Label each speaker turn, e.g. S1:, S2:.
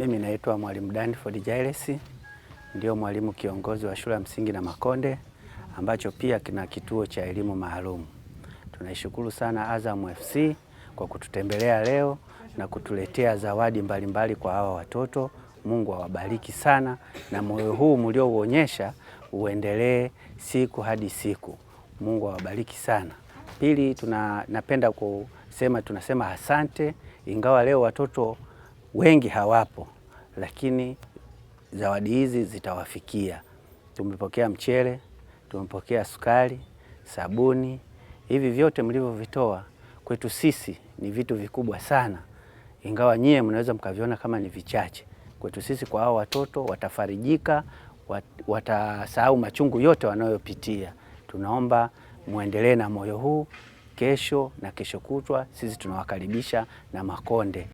S1: Mimi naitwa Mwalimu Danford Jairus, ndio mwalimu kiongozi wa shule ya msingi na makonde ambacho pia kina kituo cha elimu maalum. Tunaishukuru sana Azam FC kwa kututembelea leo na kutuletea zawadi mbalimbali mbali kwa hawa watoto. Mungu awabariki sana na moyo huu mliouonyesha uendelee siku hadi siku. Mungu awabariki sana. Pili, tuna napenda kusema tunasema asante, ingawa leo watoto wengi hawapo, lakini zawadi hizi zitawafikia. Tumepokea mchele, tumepokea sukari, sabuni. Hivi vyote mlivyovitoa kwetu sisi ni vitu vikubwa sana, ingawa nyie mnaweza mkaviona kama ni vichache. Kwetu sisi, kwa hao watoto watafarijika, watasahau machungu yote wanayopitia. Tunaomba muendelee na moyo huu. Kesho na kesho kutwa sisi tunawakaribisha na Makonde.